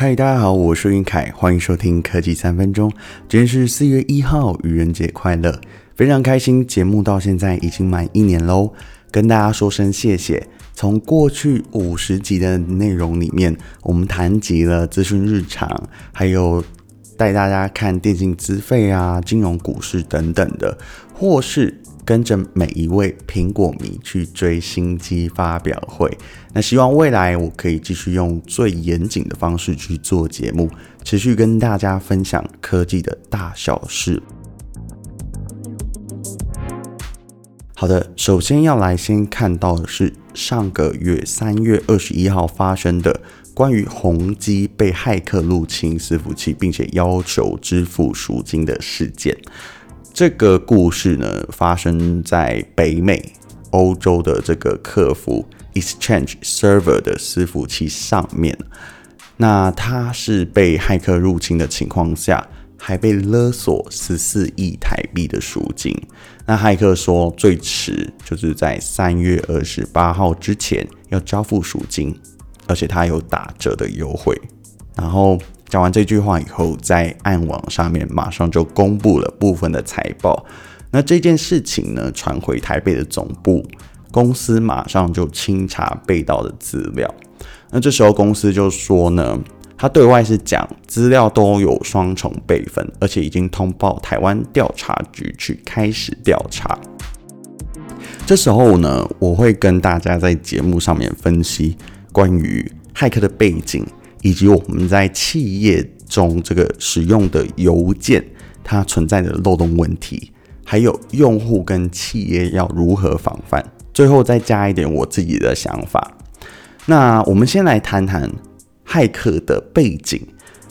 嗨，Hi, 大家好，我是雲凱，歡迎收聽科技三分鐘。今天是四月一號，愚人節快樂！非常開心，節目到現在已經滿一年嘍，跟大家說聲謝謝。從過去五十集的內容裡面，我們談及了資訊日常，還有帶大家看電信資費啊、金融股市等等的，或是，跟着每一位蘋果迷去追新機發表會，那希望未來我可以繼續用最嚴謹的方式去做節目，持續跟大家分享科技的大小事。好的，首先要來先看到的是上個月三月二十一號發生的關於宏碁被駭客入侵伺服器，並且要求支付贖金的事件。這個故事呢，發生在北美、歐洲的這個客服 Exchange Server 的伺服器上面。那它是被駭客入侵的情況下，還被勒索十四億台幣的贖金。那駭客說，最遲就是在三月二十八號之前要交付贖金，而且它有打折的優惠。然後。講完這句話以後，在暗網上面馬上就公布了部分的財報。那這件事情呢，傳回台北的總部，公司馬上就清查被盜的資料。那這時候公司就說呢，他對外是講資料都有雙重備份，而且已經通報台灣調查局去開始調查。這時候呢，我會跟大家在節目上面分析關於駭客的背景。以及我們在企業中這個使用的郵件，它存在的漏洞問題，還有用戶跟企業要如何防範？最後再加一點我自己的想法。那我們先來談談駭客的背景。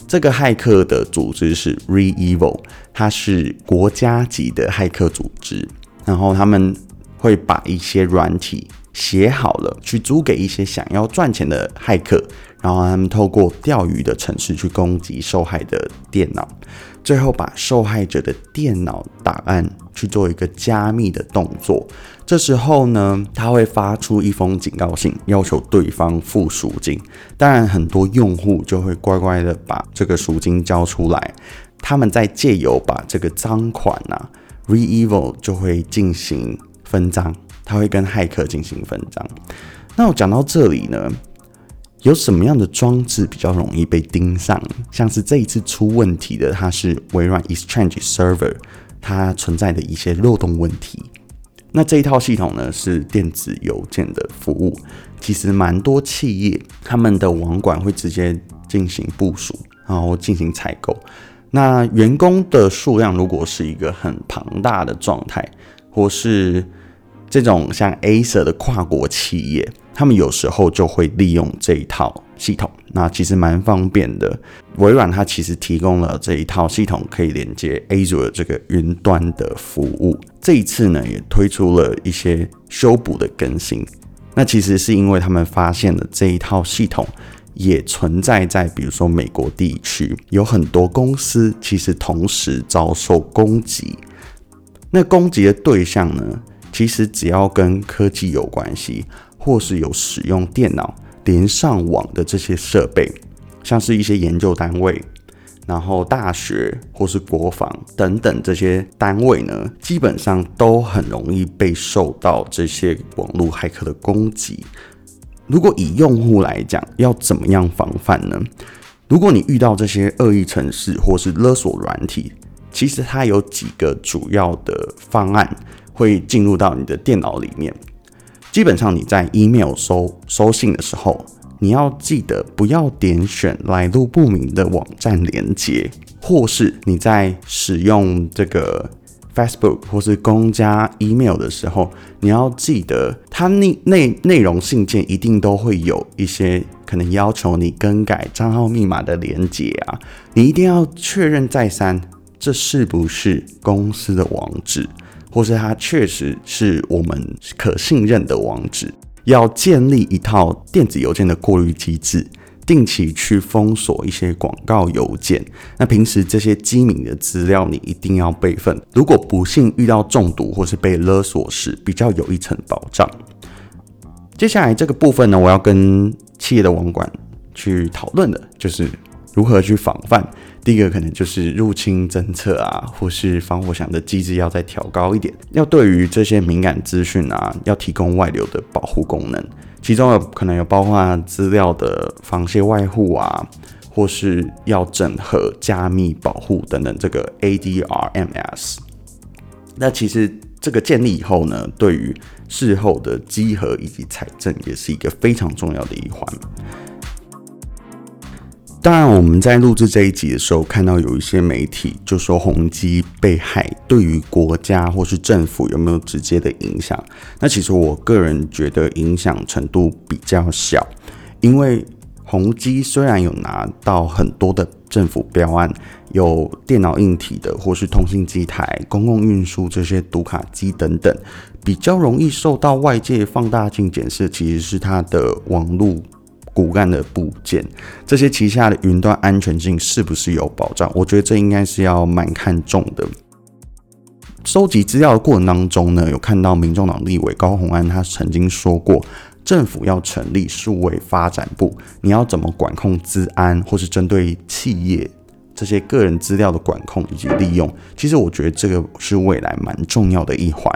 這個駭客的組織是 REvil，它是國家級的駭客組織，然後他們會把一些軟體。寫好了，去租給一些想要賺錢的駭客，然後他們透過釣魚的程式去攻擊受害的電腦，最後把受害者的電腦檔案去做一個加密的動作。這時候呢，他會發出一封警告信，要求對方付贖金。當然，很多用戶就會乖乖的把這個贖金交出來。他們再借由把這個贓款啊，REvil 就會進行分贓。它會跟駭客進行分贓。那我講到這裡呢，有什麼樣的裝置比較容易被盯上？像是這一次出問題的，它是微軟 Exchange Server 它存在的一些漏洞問題。那這一套系統呢，是電子郵件的服務，其實蠻多企業他們的網管會直接進行部署，然後進行採購。那員工的數量如果是一個很龐大的狀態，或是這種像 Acer 的跨國企業，他們有時候就會利用這一套系統，那其實蠻方便的。微軟它其實提供了這一套系統，可以連接 Azure 這個雲端的服務。這一次呢，也推出了一些修補的更新。那其實是因為他們發現了這一套系統也存在在，比如說美國地區有很多公司其實同時遭受攻擊。那攻擊的對象呢？其實只要跟科技有關係，或是有使用電腦連上網的這些設備，像是一些研究單位、然後大學或是國防等等這些單位呢，基本上都很容易被受到這些網絡駭客的攻擊。如果以用戶來講，要怎麼樣防範呢？如果你遇到這些惡意程式或是勒索軟體，其實它有幾個主要的方案。會進入到你的電腦裡面。基本上你在 email 收收信的時候，你要記得不要點選來路不明的網站連結，或是你在使用這個 Facebook 或是公家 email 的時候，你要記得它內內內容信件一定都會有一些可能要求你更改賬號密碼的連結啊，你一定要確認再三，這是不是公司的網址？或是它確實是我們可信任的網址，要建立一套電子郵件的過濾機制，定期去封鎖一些廣告郵件。那平時這些機敏的資料你一定要備份，如果不幸遇到中毒或是被勒索時，比較有一層保障。接下來這個部分呢，我要跟企業的網管去討論的就是如何去防範。第一個可能就是入侵偵測啊，或是防火牆的機制，要再調高一點，要對於這些敏感資訊啊，要提供外流的保護功能，其中有可能有包括資料的防泄外護啊，或是要整合加密保護等等。這個 AD RMS，那其實這個建立以後呢，對於事後的稽核以及財政也是一個非常重要的一環。當然，我們在錄製這一集的時候，看到有一些媒體就說宏碁被駭對於國家或是政府有沒有直接的影響？那其實我個人覺得影響程度比較小，因為宏碁雖然有拿到很多的政府標案，有電腦硬體的或是通信機台、公共運輸這些讀卡機等等，比較容易受到外界放大鏡檢視，其實是它的網路。骨幹的部件，這些旗下的雲端安全性是不是有保障？我覺得這應該是要蠻看重的。收集資料的過程當中呢，有看到民眾黨立委高虹安他曾經說過，政府要成立數位發展部，你要怎麼管控資安，或是針對企業這些個人資料的管控以及利用？其實我覺得這個是未來蠻重要的一環。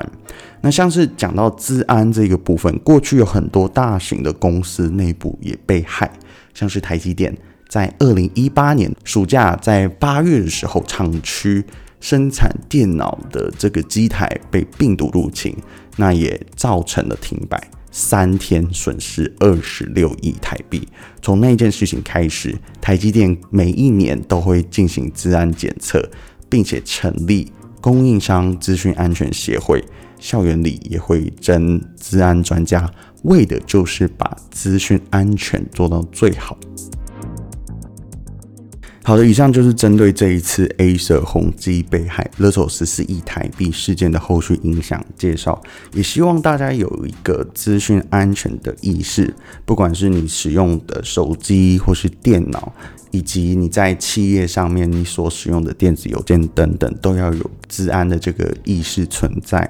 那像是講到資安這個部分，過去有很多大型的公司內部也被害，像是台積電在二零一八年暑假在八月的時候，廠區生產電腦的這個機台被病毒入侵，那也造成了停擺三天，損失二十六億台幣。從那件事情開始，台積電每一年都會進行資安檢測，並且成立。供應商資訊安全協會，校園裡也會徵資安專家，為的就是把資訊安全做到最好。好的，以上就是針對這一次 Acer 宏碁被駭勒索十四億台幣事件的後續影響介紹。也希望大家有一個資訊安全的意識，不管是你使用的手機或是電腦，以及你在企業上面你所使用的電子郵件等等，都要有資安的這個意識存在。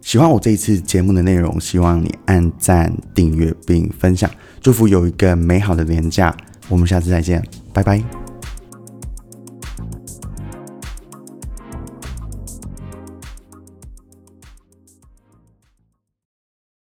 喜歡我這一次節目的內容，希望你按讚、訂閱並分享。祝福有一個美好的年假，我們下次再見，拜拜。